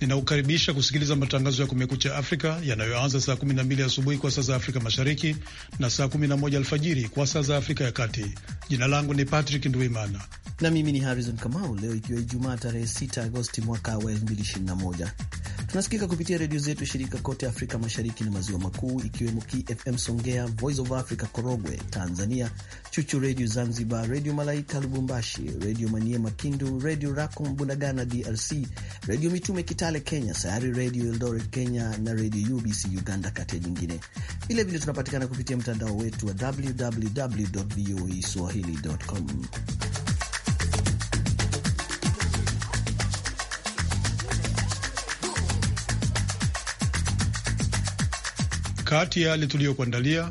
Ninakukaribisha kusikiliza matangazo ya Kumekucha Afrika yanayoanza saa 12 asubuhi kwa saa za Afrika Mashariki na saa 11 alfajiri kwa saa za Afrika ya Kati. Jina langu ni Patrick Ndwimana na mimi ni Harrison Kamau. Leo ikiwa Ijumaa tarehe 6 Agosti mwaka wa 2021 Tunasikika kupitia redio zetu shirika kote Afrika Mashariki na Maziwa Makuu, ikiwemo KFM Songea, Voice of Africa Korogwe Tanzania, Chuchu Redio Zanzibar, Redio Malaika Lubumbashi, Redio Maniema Kindu, Redio Rakom Bunagana DRC, Redio Mitume Kitale Kenya, Sayari Redio Eldoret Kenya na Redio UBC Uganda, kati ya nyingine. Vilevile tunapatikana kupitia mtandao wetu wa www voa swahili.com. Kati ya yale tuliyokuandalia,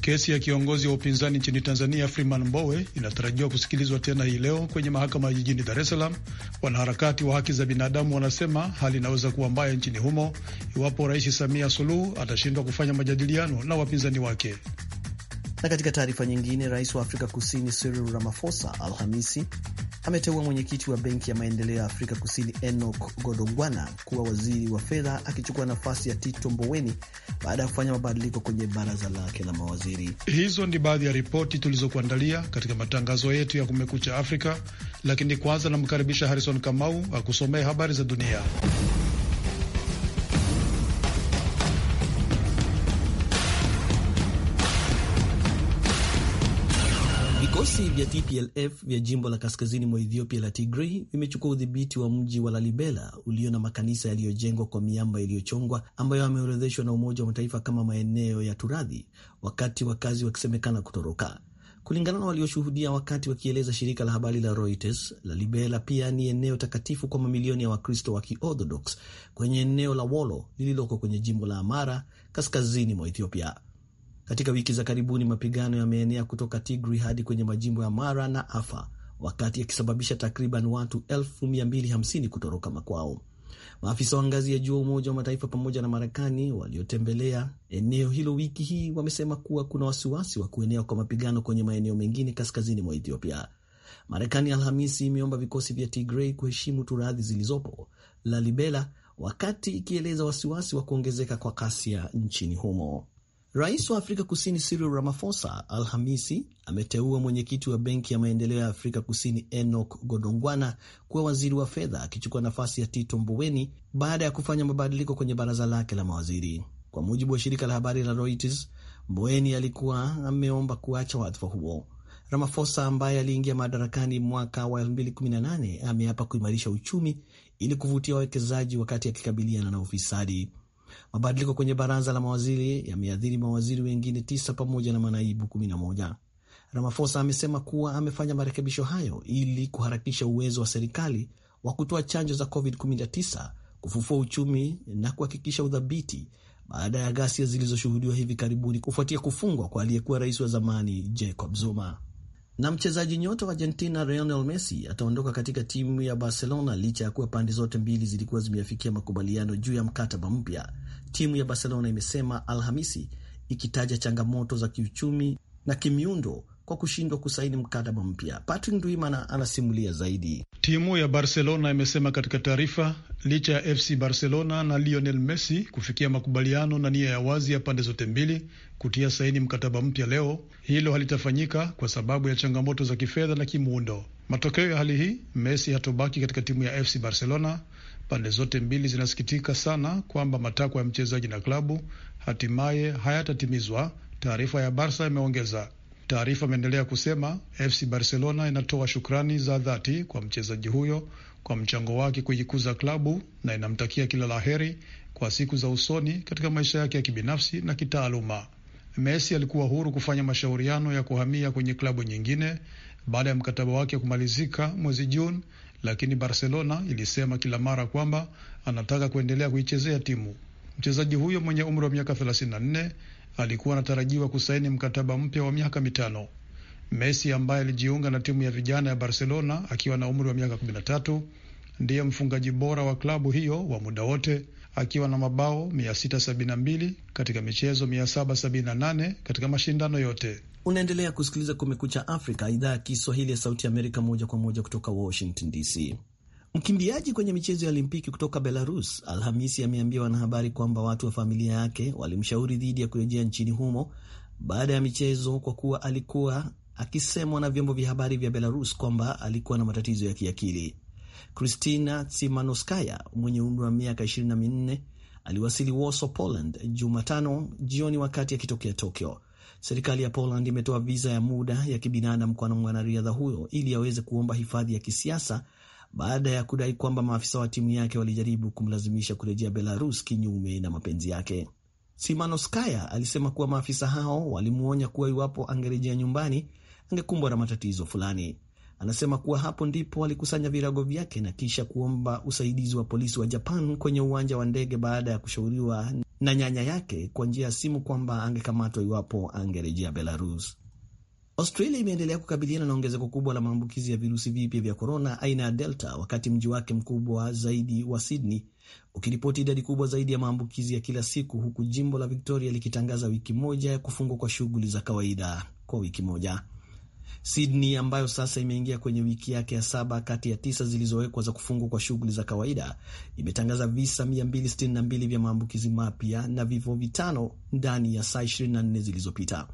kesi ya kiongozi wa upinzani nchini Tanzania Freeman Mbowe inatarajiwa kusikilizwa tena hii leo kwenye mahakama ya jijini Dar es Salaam. Wanaharakati wa haki za binadamu wanasema hali inaweza kuwa mbaya nchini humo iwapo Rais Samia Suluhu atashindwa kufanya majadiliano na wapinzani wake. Na katika taarifa nyingine, rais wa Afrika Kusini Cyril Ramaphosa Alhamisi ameteua mwenyekiti wa Benki ya Maendeleo ya Afrika Kusini Enoch Godongwana kuwa waziri wa fedha, akichukua nafasi ya Tito Mboweni baada ya kufanya mabadiliko kwenye baraza lake la mawaziri. Hizo ni baadhi ya ripoti tulizokuandalia katika matangazo yetu ya Kumekucha Afrika, lakini kwanza namkaribisha Harrison Kamau akusomee habari za dunia. Vikosi vya TPLF vya jimbo la kaskazini mwa Ethiopia la Tigray vimechukua udhibiti wa mji wa Lalibela ulio na makanisa yaliyojengwa kwa miamba iliyochongwa ambayo yameorodheshwa na Umoja wa Mataifa kama maeneo ya turadhi, wakati wakazi wakisemekana kutoroka. Kulingana na walioshuhudia wakati wakieleza shirika la habari la Reuters, Lalibela pia ni eneo takatifu kwa mamilioni ya Wakristo wa Kiorthodox kwenye eneo la Wolo lililoko kwenye jimbo la Amara kaskazini mwa Ethiopia. Katika wiki za karibuni mapigano yameenea kutoka Tigri hadi kwenye majimbo ya Mara na Afa, wakati yakisababisha takriban watu 250,000 kutoroka makwao. Maafisa wa ngazi ya juu wa Umoja wa Mataifa pamoja na Marekani waliotembelea eneo hilo wiki hii wamesema kuwa kuna wasiwasi wa kuenea kwa mapigano kwenye maeneo mengine kaskazini mwa Ethiopia. Marekani Alhamisi imeomba vikosi vya Tigrei kuheshimu turadhi zilizopo Lalibela, wakati ikieleza wasiwasi wa kuongezeka kwa kasia nchini humo. Rais wa Afrika Kusini Cyril Ramaphosa Alhamisi ameteua mwenyekiti wa Benki ya Maendeleo ya Afrika Kusini Enoch Godongwana kuwa waziri wa fedha, akichukua nafasi ya Tito Mboweni baada ya kufanya mabadiliko kwenye baraza lake la mawaziri. Kwa mujibu wa shirika la habari la Reuters, Mboweni alikuwa ameomba kuacha wadhifa huo. Ramaphosa ambaye aliingia madarakani mwaka wa 2018 ameapa kuimarisha uchumi ili kuvutia wawekezaji wakati akikabiliana na ufisadi. Mabadiliko kwenye baraza la mawaziri yameathiri mawaziri wengine tisa pamoja na manaibu kumi na moja. amesema kuwa amefanya marekebisho hayo ili kuharakisha uwezo wa serikali wa kutoa chanjo za COVID-19, kufufua uchumi na kuhakikisha udhabiti baada ya ghasia zilizoshuhudiwa hivi karibuni kufuatia kufungwa kwa aliyekuwa rais wa zamani Jacob Zuma na mchezaji nyota wa Argentina Lionel Messi ataondoka katika timu ya Barcelona licha ya kuwa pande zote mbili zilikuwa zimeafikia makubaliano juu ya mkataba mpya, timu ya Barcelona imesema Alhamisi, ikitaja changamoto za kiuchumi na kimiundo kwa kushindwa kusaini mkataba mpya. Patrick Ndwimana anasimulia zaidi. Timu ya Barcelona imesema katika taarifa, licha ya FC Barcelona na Lionel Messi kufikia makubaliano na nia ya wazi ya pande zote mbili kutia saini mkataba mpya leo, hilo halitafanyika kwa sababu ya changamoto za kifedha na kimuundo. Matokeo ya hali hii, Messi hatobaki katika timu ya FC Barcelona. Pande zote mbili zinasikitika sana kwamba matakwa ya mchezaji na klabu hatimaye hayatatimizwa, taarifa ya barsa imeongeza. Taarifa imeendelea kusema FC Barcelona inatoa shukrani za dhati kwa mchezaji huyo kwa mchango wake kuikuza klabu na inamtakia kila la heri kwa siku za usoni katika maisha yake ya kibinafsi na kitaaluma. Messi alikuwa huru kufanya mashauriano ya kuhamia kwenye klabu nyingine baada ya mkataba wake kumalizika mwezi Juni, lakini Barcelona ilisema kila mara kwamba anataka kuendelea kuichezea timu. Mchezaji huyo mwenye umri wa miaka alikuwa anatarajiwa kusaini mkataba mpya wa miaka mitano. Messi ambaye alijiunga na timu ya vijana ya Barcelona akiwa na umri wa miaka 13 ndiye mfungaji bora wa klabu hiyo wa muda wote akiwa na mabao 672 katika michezo 778 katika mashindano yote. Unaendelea kusikiliza Kumekucha Afrika, idhaa ya Kiswahili ya Sauti ya Amerika, moja kwa moja kutoka Washington DC. Mkimbiaji kwenye michezo ya Olimpiki kutoka Belarus Alhamisi ameambia wanahabari kwamba watu wa familia yake walimshauri dhidi ya kurejea nchini humo baada ya michezo, kwa kuwa alikuwa akisemwa na vyombo vya habari vya Belarus kwamba alikuwa na matatizo ya kiakili. Kristina Tsimanoskaya mwenye umri wa miaka 24 aliwasili Warsaw, Poland Jumatano jioni wakati akitokea Tokyo. Serikali ya Poland imetoa viza ya muda ya kibinadamu kwa mwanariadha huyo ili aweze kuomba hifadhi ya kisiasa baada ya kudai kwamba maafisa wa timu yake walijaribu kumlazimisha kurejea Belarus kinyume na mapenzi yake. Simanoskaya alisema kuwa maafisa hao walimwonya kuwa iwapo angerejea nyumbani angekumbwa na matatizo fulani. Anasema kuwa hapo ndipo alikusanya virago vyake na kisha kuomba usaidizi wa polisi wa Japan kwenye uwanja wa ndege baada ya kushauriwa na nyanya yake kwa njia ya simu kwamba angekamatwa iwapo angerejea Belarus. Australia imeendelea kukabiliana na ongezeko kubwa la maambukizi ya virusi vipya vya korona aina ya Delta, wakati mji wake mkubwa zaidi wa Sydney ukiripoti idadi kubwa zaidi ya maambukizi ya kila siku, huku jimbo la Victoria likitangaza wiki moja ya kufungwa kwa shughuli za kawaida kwa wiki moja. Sydney ambayo sasa imeingia kwenye wiki yake ya saba kati ya tisa zilizowekwa za kufungwa kwa shughuli za kawaida imetangaza visa 262 vya maambukizi mapya na vifo vitano ndani ya saa 24 zilizopita.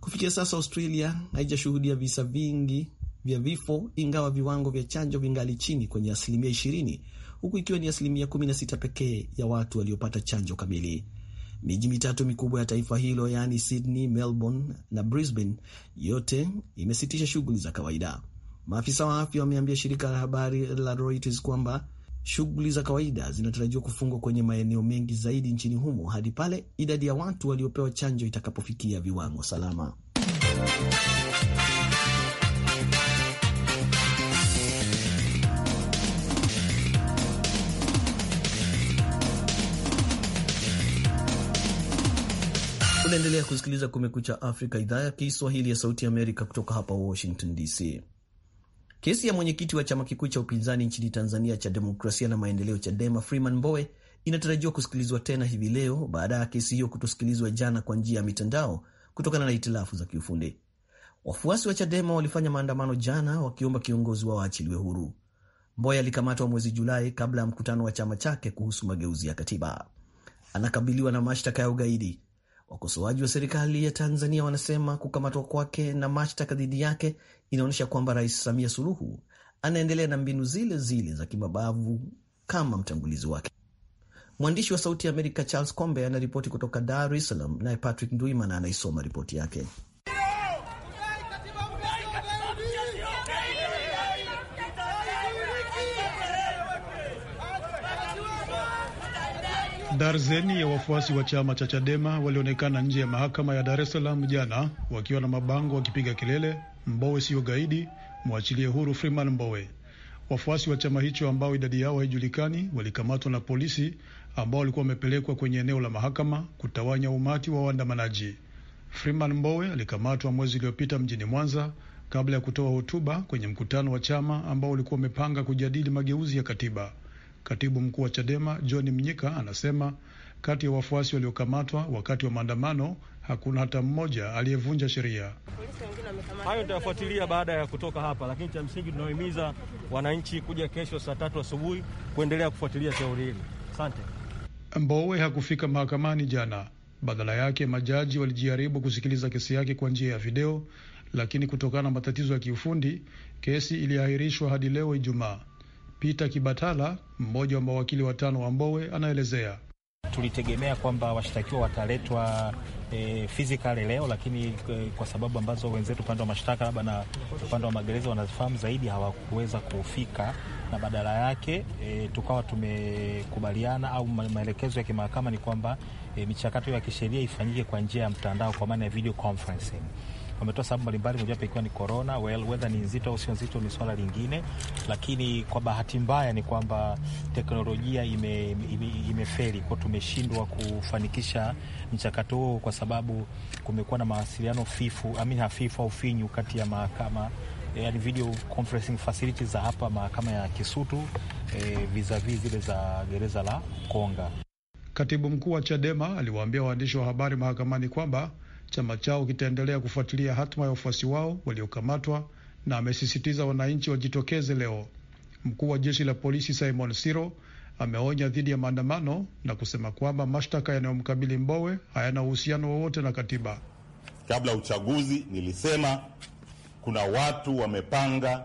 Kufikia sasa Australia haijashuhudia visa vingi vya vifo, ingawa viwango vya chanjo vingali chini kwenye asilimia 20, huku ikiwa ni asilimia 16 pekee ya watu waliopata chanjo kamili. Miji mitatu mikubwa ya taifa hilo yaani Sydney, Melbourne na Brisbane yote imesitisha shughuli za kawaida. Maafisa wa afya wameambia shirika la habari la Reuters kwamba shughuli za kawaida zinatarajiwa kufungwa kwenye maeneo mengi zaidi nchini humo hadi pale idadi ya watu waliopewa chanjo itakapofikia viwango salama. Unaendelea kusikiliza Kumekucha Afrika, idhaa ya Kiswahili ya Sauti ya Amerika, kutoka hapa Washington DC. Kesi ya mwenyekiti wa chama kikuu cha upinzani nchini Tanzania cha Demokrasia na Maendeleo, Chadema, Freeman Mbowe inatarajiwa kusikilizwa tena hivi leo baada ya kesi hiyo kutosikilizwa jana kwa njia ya mitandao kutokana na hitilafu za kiufundi. Wafuasi wa Chadema walifanya maandamano jana wakiomba kiongozi wao aachiliwe huru. Mbowe alikamatwa mwezi Julai kabla ya mkutano wa chama chake kuhusu mageuzi ya katiba. Anakabiliwa na mashtaka ya ugaidi. Wakosoaji wa serikali ya Tanzania wanasema kukamatwa kwake na mashtaka dhidi yake inaonyesha kwamba Rais Samia Suluhu anaendelea na mbinu zile zile za kimabavu kama mtangulizi wake. Mwandishi wa Sauti ya Amerika Charles Kombe anaripoti kutoka Dar es Salaam, naye Patrick Ndwimana anaisoma ripoti yake. Darzeni ya wafuasi wa chama cha Chadema walionekana nje ya mahakama ya Dar es Salaam jana wakiwa na mabango wakipiga kelele, Mbowe siyo gaidi, mwachilie huru Freeman Mbowe. Wafuasi wa chama hicho ambao idadi yao haijulikani walikamatwa na polisi ambao walikuwa wamepelekwa kwenye eneo la mahakama kutawanya umati wa waandamanaji. Freeman Mbowe alikamatwa mwezi uliopita mjini Mwanza kabla ya kutoa hotuba kwenye mkutano wa chama ambao ulikuwa umepanga kujadili mageuzi ya katiba. Katibu mkuu wa Chadema John Mnyika anasema kati ya wafuasi waliokamatwa wakati wa maandamano hakuna hata mmoja aliyevunja sheria. Hayo tutayafuatilia baada ya kutoka hapa, lakini cha msingi tunahimiza wananchi kuja kesho saa tatu asubuhi kuendelea kufuatilia shauri hili. Asante. Mbowe hakufika mahakamani jana. Badala yake majaji walijaribu kusikiliza kesi yake kwa njia ya video, lakini kutokana na matatizo ya kiufundi kesi iliahirishwa hadi leo Ijumaa. Peter Kibatala, mmoja wa mawakili watano wa Mbowe, anaelezea. Tulitegemea kwamba washtakiwa wataletwa e, physical leo, lakini e, kwa sababu ambazo wenzetu upande wa mashtaka labda na upande wa magereza wanazifahamu zaidi hawakuweza kufika, na badala yake e, tukawa tumekubaliana au maelekezo ya kimahakama ni kwamba e, michakato ya kisheria ifanyike kwa njia ya mtandao, kwa maana ya video conferencing wametoa sababu mbalimbali, mojawapo ikiwa ni korona. Well, whether ni nzito au sio nzito ni swala lingine, lakini kwa bahati mbaya ni kwamba teknolojia imeferi ime, ime, kwao, tumeshindwa kufanikisha mchakato huo kwa sababu kumekuwa na mawasiliano fifu, amin hafifu au finyu kati ya mahakama Yani video conferencing facilities za hapa mahakama ya Kisutu eh, zile za gereza la Konga. Katibu mkuu wa Chadema aliwaambia waandishi wa habari mahakamani kwamba Chama chao kitaendelea kufuatilia hatima ya wafuasi wao waliokamatwa na amesisitiza wananchi wajitokeze leo. Mkuu wa jeshi la polisi Simon Siro ameonya dhidi ya maandamano na kusema kwamba mashtaka yanayomkabili Mbowe hayana uhusiano wowote na katiba. Kabla ya uchaguzi, nilisema kuna watu wamepanga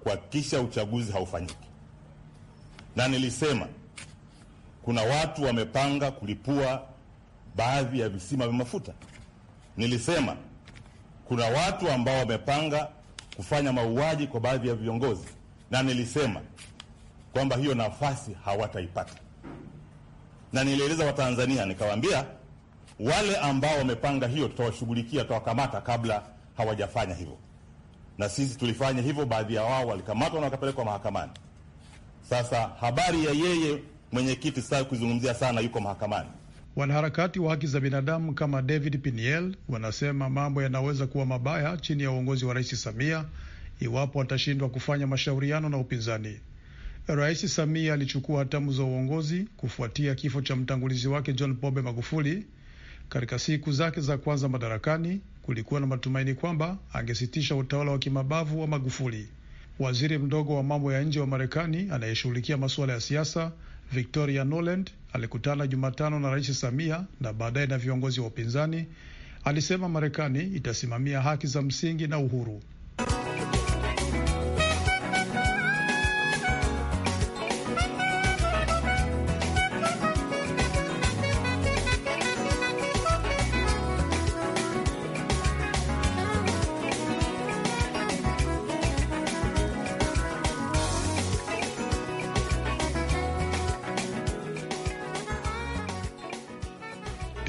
kuhakikisha uchaguzi haufanyiki, na nilisema kuna watu wamepanga kulipua baadhi ya visima vya mafuta. Nilisema kuna watu ambao wamepanga kufanya mauaji kwa baadhi ya viongozi, na nilisema kwamba hiyo nafasi hawataipata, na nilieleza Watanzania nikawaambia, wale ambao wamepanga hiyo tutawashughulikia, tutawakamata kabla hawajafanya hivyo. Na sisi tulifanya hivyo, baadhi ya wao walikamatwa na wakapelekwa mahakamani. Sasa habari ya yeye mwenyekiti sitaki kuizungumzia sana, yuko mahakamani. Wanaharakati wa haki za binadamu kama David Piniel wanasema mambo yanaweza kuwa mabaya chini ya uongozi wa Rais Samia iwapo atashindwa kufanya mashauriano na upinzani. Rais Samia alichukua hatamu za uongozi kufuatia kifo cha mtangulizi wake John Pombe Magufuli. Katika siku zake za kwanza madarakani, kulikuwa na matumaini kwamba angesitisha utawala wa kimabavu wa Magufuli. Waziri mdogo wa mambo ya nje wa Marekani anayeshughulikia masuala ya siasa Victoria noland alikutana Jumatano na Rais Samia na baadaye na viongozi wa upinzani. Alisema Marekani itasimamia haki za msingi na uhuru.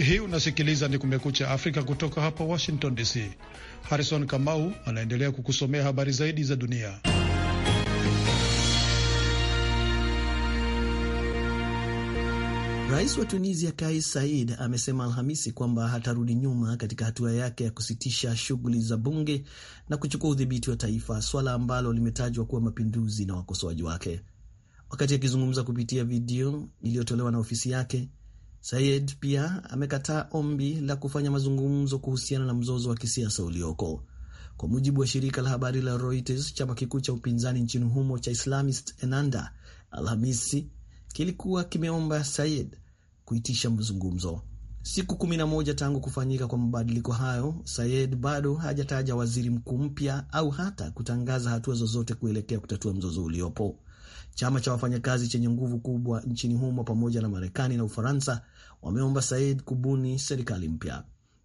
Hii unasikiliza ni Kumekucha Afrika kutoka hapa Washington DC. Harrison Kamau anaendelea kukusomea habari zaidi za dunia. Rais wa Tunisia Kais said amesema Alhamisi kwamba hatarudi nyuma katika hatua yake ya kusitisha shughuli za bunge na kuchukua udhibiti wa taifa, swala ambalo limetajwa kuwa mapinduzi na wakosoaji wake. Wakati akizungumza kupitia video iliyotolewa na ofisi yake, Sayed pia amekataa ombi la kufanya mazungumzo kuhusiana na mzozo wa kisiasa ulioko. Kwa mujibu wa shirika la habari la Reuters, chama kikuu cha upinzani nchini humo cha Islamist enanda Alhamisi kilikuwa kimeomba Sayed kuitisha mazungumzo. Siku kumi na moja tangu kufanyika kwa mabadiliko hayo, Sayed bado hajataja waziri mkuu mpya au hata kutangaza hatua zozote kuelekea kutatua mzozo uliopo. Chama cha wafanyakazi chenye nguvu kubwa nchini humo pamoja na Marekani na Ufaransa wameomba Said kubuni serikali mpya.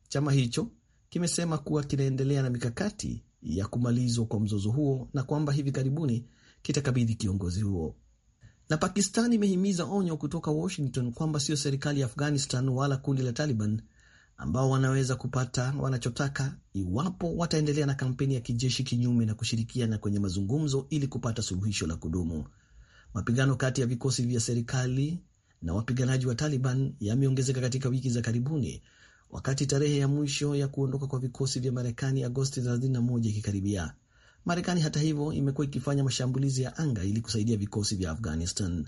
Chama hicho kimesema kuwa kinaendelea na mikakati ya kumalizwa kwa mzozo huo na kwamba hivi karibuni kitakabidhi kiongozi huo. Na Pakistan imehimiza onyo kutoka Washington kwamba sio serikali ya Afghanistan wala kundi la Taliban ambao wanaweza kupata wanachotaka iwapo wataendelea na kampeni ya kijeshi kinyume na kushirikiana kwenye mazungumzo ili kupata suluhisho la kudumu. Mapigano kati ya vikosi vya serikali na wapiganaji wa Taliban yameongezeka katika wiki za karibuni, wakati tarehe ya mwisho ya kuondoka kwa vikosi vya Marekani Agosti 31 ikikaribia. Marekani hata hivyo imekuwa ikifanya mashambulizi ya anga ili kusaidia vikosi vya Afghanistan.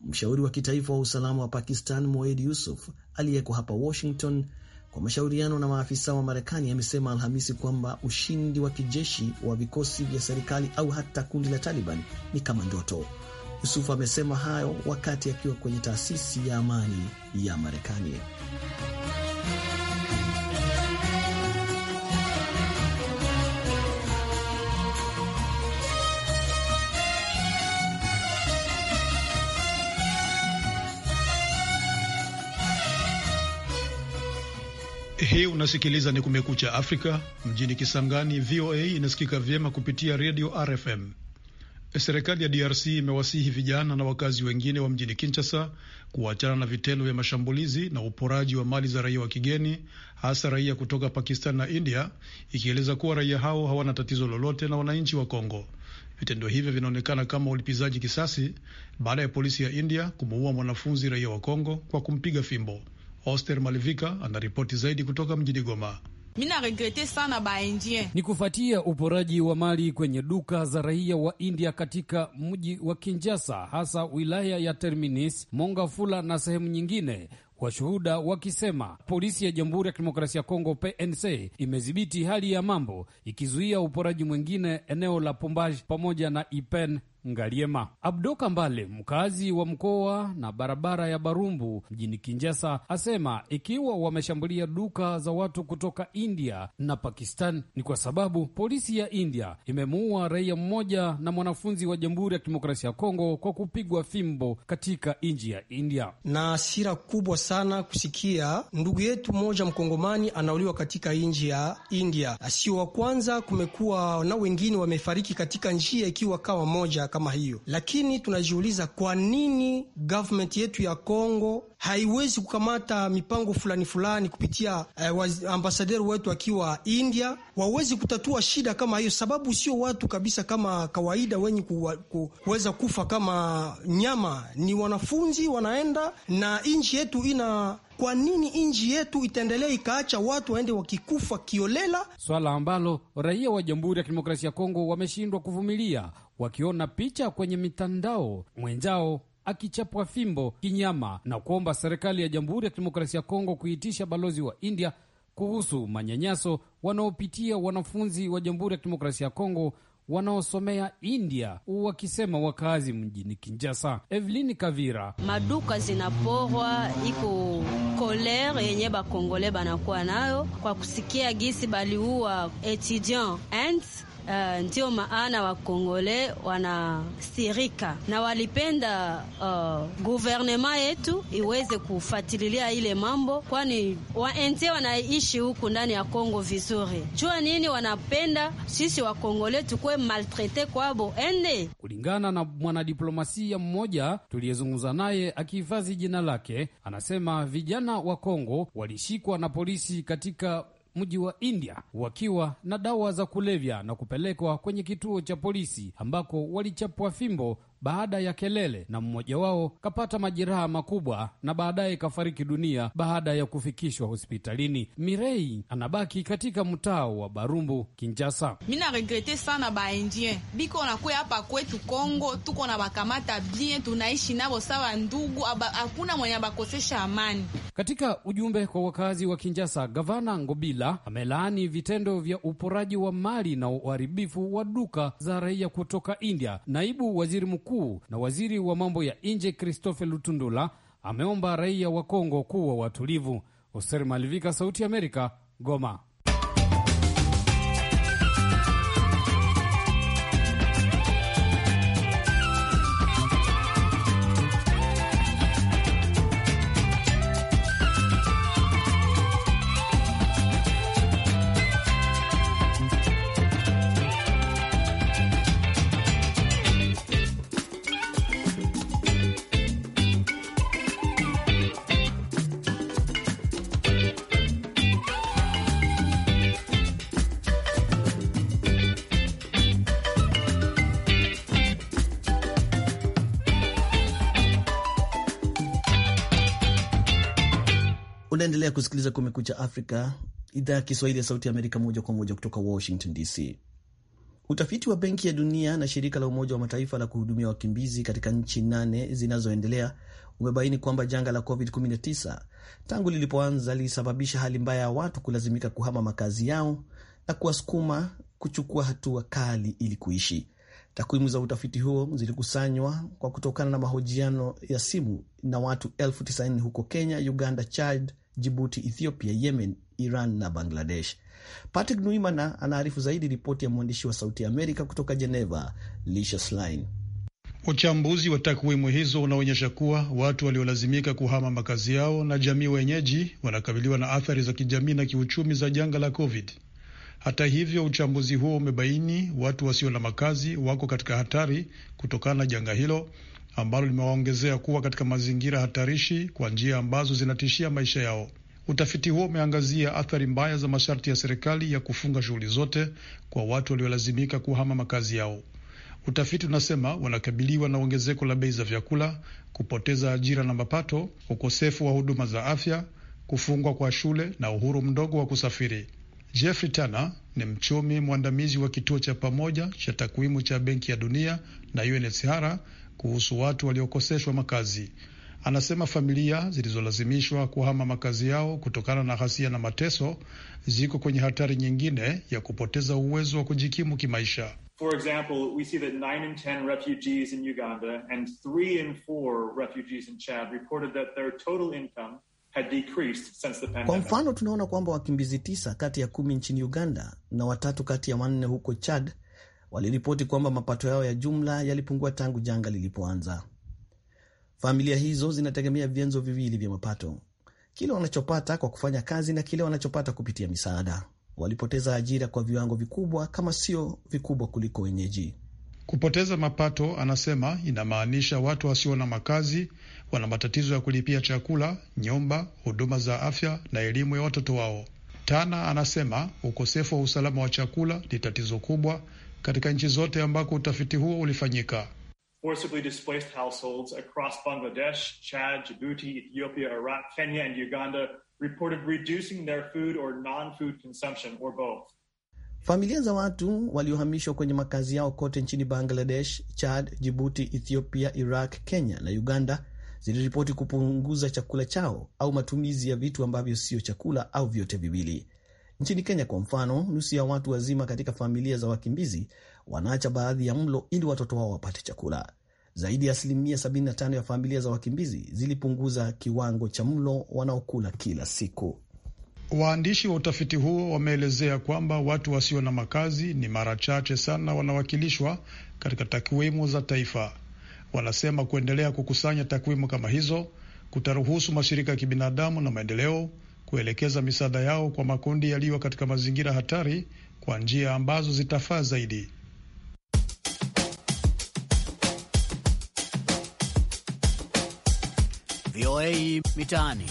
Mshauri wa kitaifa wa usalama wa Pakistan Moed Yusuf aliyeko hapa Washington kwa mashauriano na maafisa wa Marekani amesema Alhamisi kwamba ushindi wa kijeshi wa vikosi vya serikali au hata kundi la Taliban ni kama ndoto. Yusufu amesema hayo wakati akiwa kwenye taasisi ya amani ya Marekani. Hii unasikiliza ni Kumekucha Afrika mjini Kisangani. VOA inasikika vyema kupitia redio RFM. Serikali ya DRC imewasihi vijana na wakazi wengine wa mjini Kinshasa kuachana na vitendo vya mashambulizi na uporaji wa mali za raia wa kigeni, hasa raia kutoka Pakistan na India, ikieleza kuwa raia hao hawana tatizo lolote na wananchi wa Kongo. Vitendo hivyo vinaonekana kama ulipizaji kisasi baada ya polisi ya India kumuua mwanafunzi raia wa Kongo kwa kumpiga fimbo. Oster Malivika anaripoti zaidi kutoka mjini Goma regrete sana baindien. Ni kufuatia uporaji wa mali kwenye duka za raia wa India katika mji wa Kinjasa, hasa wilaya ya Terminis, Mongafula na sehemu nyingine washuhuda wakisema polisi ya Jamhuri ya Kidemokrasia ya Kongo PNC imedhibiti hali ya mambo ikizuia uporaji mwingine eneo la pumbaj pamoja na Ipen Ngaliema. Abdo Kambale, mkazi wa mkoa na barabara ya Barumbu mjini Kinjasa, asema ikiwa wameshambulia duka za watu kutoka India na Pakistan ni kwa sababu polisi ya India imemuua raia mmoja na mwanafunzi wa Jamhuri ya Kidemokrasia ya Kongo kwa kupigwa fimbo katika nji ya India, na hasira kubwa sana kusikia ndugu yetu mmoja mkongomani anauliwa katika nji ya India. asio wa kwanza, kumekuwa na wengine wamefariki katika njia ikiwa kawa moja kama hiyo, lakini tunajiuliza kwa nini government yetu ya Kongo haiwezi kukamata mipango fulani fulani kupitia eh, ambasaderi wetu akiwa India wawezi kutatua shida kama hiyo, sababu sio watu kabisa kama kawaida wenye kuwa, ku, kuweza kufa kama nyama, ni wanafunzi wanaenda na nchi yetu ina kwa nini nchi yetu itaendelea ikaacha watu waende wakikufa kiolela, swala ambalo raia wa Jamhuri ya Kidemokrasia ya Kongo wameshindwa kuvumilia wakiona picha kwenye mitandao mwenzao akichapwa fimbo kinyama na kuomba serikali ya Jamhuri ya Kidemokrasia ya Kongo kuitisha balozi wa India kuhusu manyanyaso wanaopitia wanafunzi wa Jamhuri ya Kidemokrasia ya Kongo wanaosomea India, wakisema wakazi mjini Kinjasa. Evelin Kavira, maduka zinaporwa, iko kolere yenye bakongole banakuwa nayo kwa kusikia gisi baliua etudiant Uh, ndio maana wakongole wanasirika na walipenda uh, eh, guvernema yetu iweze kufatililia ile mambo, kwani waente wanaishi huku ndani ya Kongo vizuri. Jua nini wanapenda sisi wakongole tukuwe maltrete kwabo ende. Kulingana na mwanadiplomasia mmoja tuliyezungumza naye akihifadhi jina lake, anasema vijana wa Kongo walishikwa na polisi katika mji wa India wakiwa na dawa za kulevya na kupelekwa kwenye kituo cha polisi ambako walichapwa fimbo baada ya kelele, na mmoja wao kapata majeraha makubwa na baadaye kafariki dunia baada ya kufikishwa hospitalini. Mirei anabaki katika mtaa wa Barumbu, Kinjasa. sana baindien biko nakuya hapa kwetu Kongo, tuko na bakamata bien, tunaishi nabo sawa ndugu, hakuna mwenye abakosesha amani. Katika ujumbe kwa wakazi wa Kinjasa, gavana Ngobila amelaani vitendo vya uporaji wa mali na uharibifu wa duka za raia kutoka India. Naibu waziri mkuu mkuu na waziri wa mambo ya nje Christophe Lutundula ameomba raia wa Kongo kuwa watulivu. Hoser Malivika, Sauti ya Amerika, Goma. kusikiliza Kumekucha Afrika, idhaa ya Kiswahili ya Sauti ya Amerika, moja kwa moja kutoka Washington DC. Utafiti wa Benki ya Dunia na shirika la Umoja wa Mataifa la kuhudumia wakimbizi katika nchi nane zinazoendelea umebaini kwamba janga la COVID-19 tangu lilipoanza lilisababisha hali mbaya ya watu kulazimika kuhama makazi yao na kuwasukuma kuchukua hatua kali ili kuishi. Takwimu za utafiti huo zilikusanywa kwa kutokana na mahojiano ya simu na watu elfu tisini huko Kenya, Uganda, Chad, Jibuti, Ethiopia, Yemen, Iran na Bangladesh. Patrick Nuimana anaarifu zaidi. Ripoti ya mwandishi wa Sauti ya Amerika kutoka Geneva, Lisha Schlein. Uchambuzi wa takwimu hizo unaonyesha kuwa watu waliolazimika kuhama makazi yao na jamii wenyeji wanakabiliwa na athari za kijamii na kiuchumi za janga la COVID. Hata hivyo, uchambuzi huo umebaini watu wasio na makazi wako katika hatari kutokana na janga hilo ambalo limewaongezea kuwa katika mazingira hatarishi kwa njia ambazo zinatishia maisha yao. Utafiti huo umeangazia athari mbaya za masharti ya serikali ya kufunga shughuli zote kwa watu waliolazimika kuhama makazi yao. Utafiti unasema wanakabiliwa na ongezeko la bei za vyakula, kupoteza ajira na mapato, ukosefu wa huduma za afya, kufungwa kwa shule na uhuru mdogo wa kusafiri. Jeffrey Tana ni mchumi mwandamizi wa kituo cha pamoja cha takwimu cha Benki ya Dunia na UNHCR kuhusu watu waliokoseshwa makazi. Anasema familia zilizolazimishwa kuhama makazi yao kutokana na ghasia na mateso ziko kwenye hatari nyingine ya kupoteza uwezo wa kujikimu kimaisha. Kwa mfano, tunaona kwamba wakimbizi tisa kati ya kumi nchini Uganda na watatu kati ya wanne huko Chad waliripoti kwamba mapato yao ya jumla yalipungua tangu janga lilipoanza. Familia hizo zinategemea vyanzo viwili vya mapato, kile wanachopata kwa kufanya kazi na kile wanachopata kupitia misaada. Walipoteza ajira kwa viwango vikubwa, kama sio vikubwa kuliko wenyeji. Kupoteza mapato, anasema, inamaanisha watu wasio na makazi wana matatizo ya kulipia chakula, nyumba, huduma za afya na elimu ya watoto wao. Tana anasema ukosefu wa usalama wa chakula ni tatizo kubwa katika nchi zote ambako utafiti huo ulifanyika. Forcibly displaced households across Bangladesh, Chad, Djibouti, Ethiopia, Iraq, Kenya and Uganda reported reducing their food or non-food consumption or both. Familia za watu waliohamishwa kwenye makazi yao kote nchini Bangladesh, Chad, Djibouti, Ethiopia, Iraq, Kenya na Uganda ziliripoti kupunguza chakula chao au matumizi ya vitu ambavyo sio chakula au vyote viwili. Nchini Kenya kwa mfano, nusu ya watu wazima katika familia za wakimbizi wanaacha baadhi ya mlo ili watoto wao wapate chakula. Zaidi ya asilimia 75 ya familia za wakimbizi zilipunguza kiwango cha mlo wanaokula kila siku. Waandishi wa utafiti huo wameelezea kwamba watu wasio na makazi ni mara chache sana wanawakilishwa katika takwimu za taifa. Wanasema kuendelea kukusanya takwimu kama hizo kutaruhusu mashirika ya kibinadamu na maendeleo kuelekeza misaada yao kwa makundi yaliyo katika mazingira hatari kwa njia ambazo zitafaa zaidi. VOA Mitaani.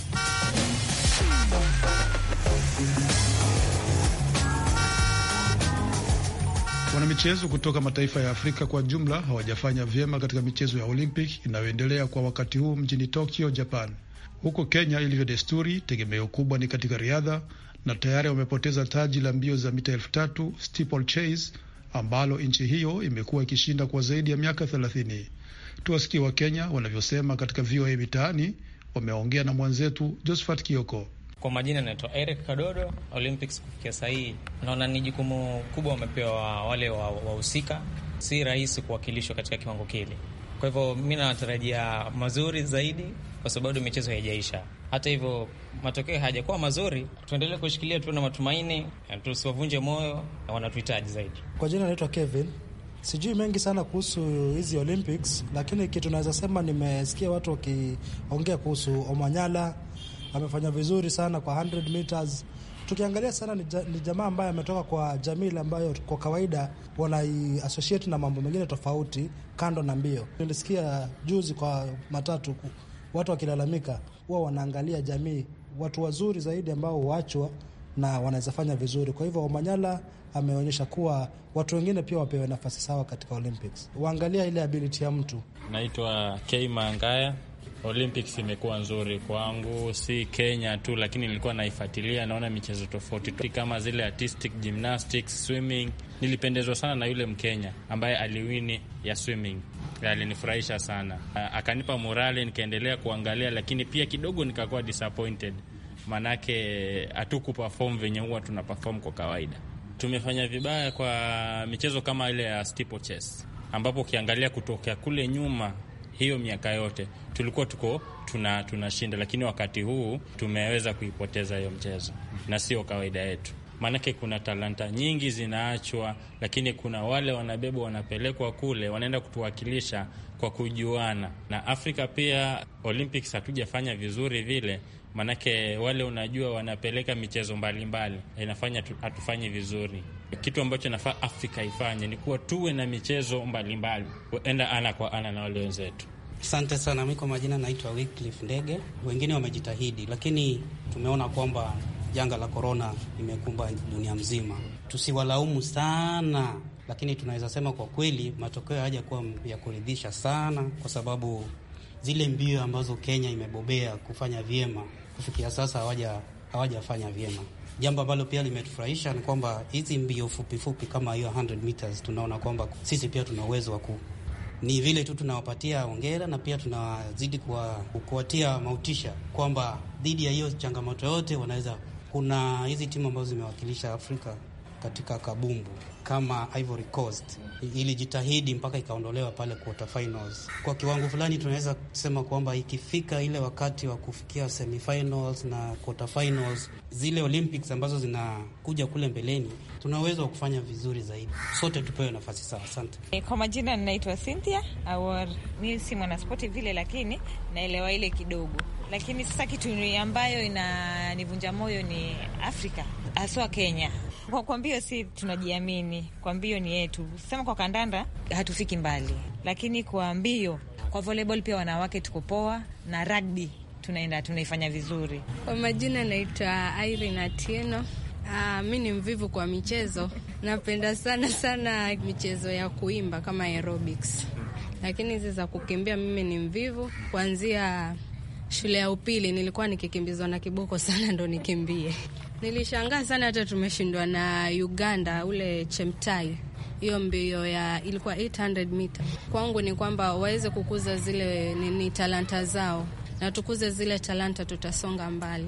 Wanamichezo kutoka mataifa ya Afrika kwa jumla hawajafanya vyema katika michezo ya Olympic inayoendelea kwa wakati huu mjini Tokyo, Japan. Huko Kenya, ilivyo desturi, tegemeo kubwa ni katika riadha na tayari wamepoteza taji la mbio za mita elfu tatu steeplechase ambalo nchi hiyo imekuwa ikishinda kwa zaidi ya miaka thelathini. Tuwasikie Wakenya wanavyosema katika VOA Mitaani. Wameongea na mwenzetu Josephat Kioko. Kwa majina anaitwa Eric Kadodo. Olympics kufikia sahii, naona ni jukumu kubwa wamepewa wale wahusika wa si rahisi kuwakilishwa katika kiwango kile. Kwa hivyo mi nawatarajia mazuri zaidi kwa sababu michezo haijaisha. Hata hivyo matokeo hayajakuwa mazuri, tuendelee kushikilia, tuwe na matumaini, tusiwavunje moyo na wanatuhitaji zaidi. Kwa jina naitwa Kevin. Sijui mengi sana kuhusu hizi Olympics, lakini kitu naweza sema, nimesikia watu wakiongea kuhusu Omanyala, amefanya vizuri sana kwa 100 meters. Tukiangalia sana ni jamaa ambaye ametoka kwa Jamil ambayo kwa kawaida wanaiassociate na mambo mengine tofauti kando na mbio. Nilisikia juzi kwa matatu watu wakilalamika huwa wanaangalia jamii, watu wazuri zaidi ambao huachwa na wanaweza fanya vizuri. Kwa hivyo Omanyala ameonyesha kuwa watu wengine pia wapewe nafasi sawa katika Olympics, waangalia ile ability ya mtu. Naitwa k Mangaya. Olympics imekuwa nzuri kwangu, si Kenya tu, lakini nilikuwa naifuatilia, naona michezo tofauti kama zile artistic, gymnastics, swimming. Nilipendezwa sana na yule Mkenya ambaye aliwini ya swimming, alinifurahisha sana, akanipa morale, nikaendelea kuangalia, lakini pia kidogo nikakuwa disappointed, maanake hatuku perform venye huwa tuna perform kwa kawaida. Tumefanya vibaya kwa michezo kama ile ya steeplechase, ambapo ukiangalia kutokea kule nyuma hiyo miaka yote tulikuwa tuko tuna tunashinda, lakini wakati huu tumeweza kuipoteza hiyo mchezo, na sio kawaida yetu. Maanake kuna talanta nyingi zinaachwa, lakini kuna wale wanabebwa, wanapelekwa kule, wanaenda kutuwakilisha, kwa kujuana. Na Afrika pia Olympics hatujafanya vizuri vile, maanake wale unajua wanapeleka michezo mbalimbali mbali. Inafanya hatufanyi vizuri. Kitu ambacho nafaa Afrika ifanye ni kuwa tuwe na michezo mbalimbali, enda ana kwa ana na wale wenzetu. Asante sana. Mi kwa majina naitwa Wycliffe Ndege. Wengine wamejitahidi, lakini tumeona kwamba janga la korona limekumba dunia mzima, tusiwalaumu sana lakini tunaweza sema kwa kweli matokeo haja kuwa ya kuridhisha sana, kwa sababu zile mbio ambazo Kenya imebobea kufanya vyema kufikia sasa hawaja hawajafanya vyema. Jambo ambalo pia limetufurahisha ni kwamba hizi mbio fupifupi kama hiyo 100 meters, tunaona kwamba sisi pia tuna uwezo wa ku ni vile tu tunawapatia hongera na pia tunazidi kuwatia mautisha kwamba dhidi ya hiyo changamoto yote wanaweza. Kuna hizi timu ambazo zimewakilisha Afrika katika kabumbu kama Ivory Coast ilijitahidi mpaka ikaondolewa pale quarter finals. Kwa kiwango fulani tunaweza kusema kwamba ikifika ile wakati wa kufikia semifinals na quarter finals, zile Olympics ambazo zinakuja kule mbeleni, tuna uwezo wa kufanya vizuri zaidi. Sote tupewe nafasi sawa. Asante. Kwa majina ninaitwa Cynthia Awar, mimi si mwanaspoti vile, lakini naelewa ile kidogo, lakini sasa kitu ambayo inanivunja moyo ni Afrika, haswa Kenya. Kwa, mbio si tunajiamini, kwa mbio ni yetu. Sema kwa kandanda hatufiki mbali, lakini kwa mbio, kwa volleyball pia wanawake tuko poa, na rugby tunaenda tunaifanya vizuri. Kwa majina naitwa Irene Atieno. Uh, mi ni mvivu kwa michezo, napenda sana sana michezo ya kuimba kama aerobics lakini hizi za kukimbia mimi ni mvivu. Kuanzia shule ya upili nilikuwa nikikimbizwa na kiboko sana ndo nikimbie. Nilishangaa sana hata tumeshindwa na Uganda ule Chemtai hiyo mbio ya ilikuwa 800 mita. Kwangu ni kwamba waweze kukuza zile ni, ni talanta zao na tukuze zile talanta, tutasonga mbali.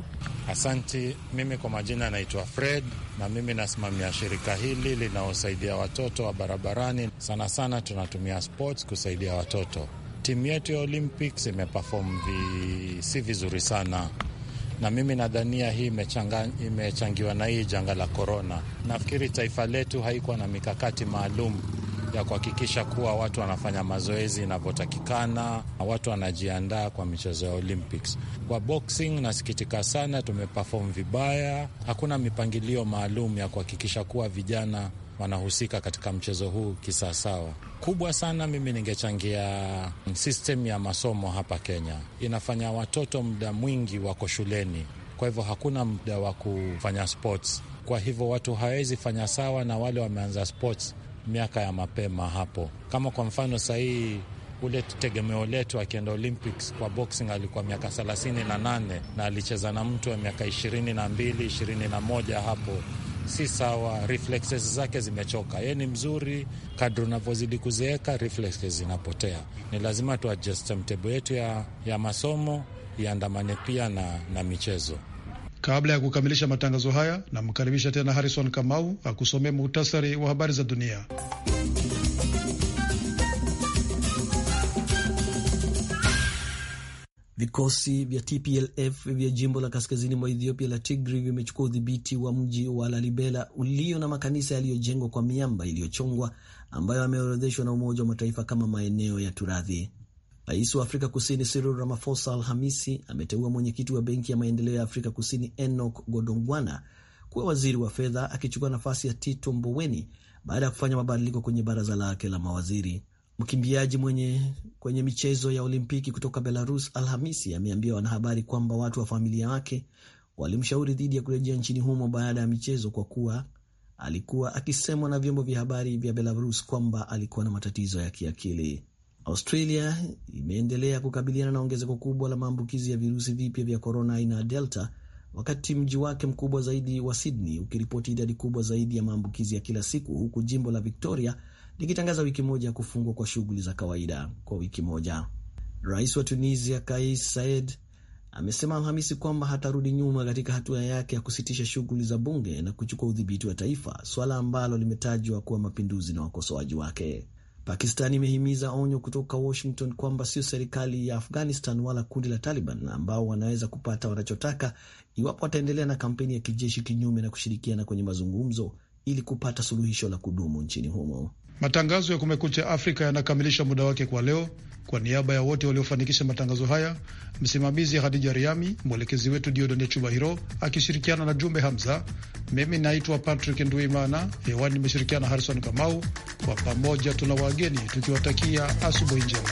Asante. Mimi kwa majina naitwa Fred na mimi nasimamia shirika hili linaosaidia watoto wa barabarani. Sana sana tunatumia sports kusaidia watoto. Timu yetu ya Olympics imeperform vi, si vizuri sana na mimi nadhania hii imechangiwa na hii janga la korona. Nafikiri taifa letu haikuwa na mikakati maalum ya kuhakikisha kuwa watu wanafanya mazoezi inavyotakikana, na watu wanajiandaa kwa michezo ya Olympics. Kwa boxing, nasikitika sana, tumeperform vibaya. Hakuna mipangilio maalum ya kuhakikisha kuwa vijana wanahusika katika mchezo huu kisawasawa. Kubwa sana, mimi ningechangia system ya masomo hapa Kenya. Inafanya watoto muda mwingi wako shuleni, kwa hivyo hakuna muda wa kufanya sports. Kwa hivyo watu hawawezi fanya sawa na wale wameanza sports miaka ya mapema hapo. Kama kwa mfano sahii ule tegemeo letu akienda Olympics kwa boxing alikuwa miaka thelathini na nane na alicheza na mtu wa miaka ishirini na mbili ishirini na moja hapo si sawa. Reflexes zake zimechoka. Yeye ni mzuri, kadri unavyozidi kuzeeka reflexes zinapotea. Ni lazima tuadjust timetable yetu ya, ya masomo iandamane pia na, na michezo. Kabla ya kukamilisha matangazo haya, namkaribisha tena Harrison Kamau akusomea muhtasari wa habari za dunia. Vikosi vya TPLF vya jimbo la kaskazini mwa Ethiopia la Tigri vimechukua udhibiti wa mji wa Lalibela ulio na makanisa yaliyojengwa kwa miamba iliyochongwa ambayo ameorodheshwa na Umoja wa Mataifa kama maeneo ya turathi. Rais wa Afrika Kusini Cyril Ramaphosa Alhamisi ameteua mwenyekiti wa Benki ya Maendeleo ya Afrika Kusini Enoch Godongwana kuwa waziri wa fedha, akichukua nafasi ya Tito Mboweni baada ya kufanya mabadiliko kwenye baraza lake la mawaziri. Mkimbiaji mwenye kwenye michezo ya Olimpiki kutoka Belarus Alhamisi ameambia wanahabari kwamba watu wa familia wake walimshauri dhidi ya kurejea nchini humo baada ya michezo kwa kuwa alikuwa akisemwa na vyombo vya habari vya Belarus kwamba alikuwa na matatizo ya kiakili. Australia imeendelea kukabiliana na ongezeko kubwa la maambukizi ya virusi vipya vya korona aina ya Delta, wakati mji wake mkubwa zaidi wa Sydney ukiripoti idadi kubwa zaidi ya maambukizi ya kila siku, huku jimbo la Victoria likitangaza wiki moja ya kufungwa kwa shughuli za kawaida kwa wiki moja. Rais wa Tunisia Kais Saied amesema Alhamisi kwamba hatarudi nyuma katika hatua yake ya kusitisha shughuli za bunge na kuchukua udhibiti wa taifa, suala ambalo limetajwa kuwa mapinduzi na wakosoaji wake. Pakistan imehimiza onyo kutoka Washington kwamba sio serikali ya Afghanistan wala kundi la Taliban ambao wanaweza kupata wanachotaka iwapo wataendelea na kampeni ya kijeshi kinyume na kushirikiana kwenye mazungumzo ili kupata suluhisho la kudumu nchini humo. Matangazo ya Kumekucha Afrika yanakamilisha muda wake kwa leo. Kwa niaba ya wote waliofanikisha matangazo haya, msimamizi Hadija Riami, mwelekezi wetu Diodone Chubahiro akishirikiana na Jumbe Hamza. Mimi naitwa Patrick Nduimana, hewani nimeshirikiana Harison Kamau. Kwa pamoja tuna wageni tukiwatakia asubuhi njema.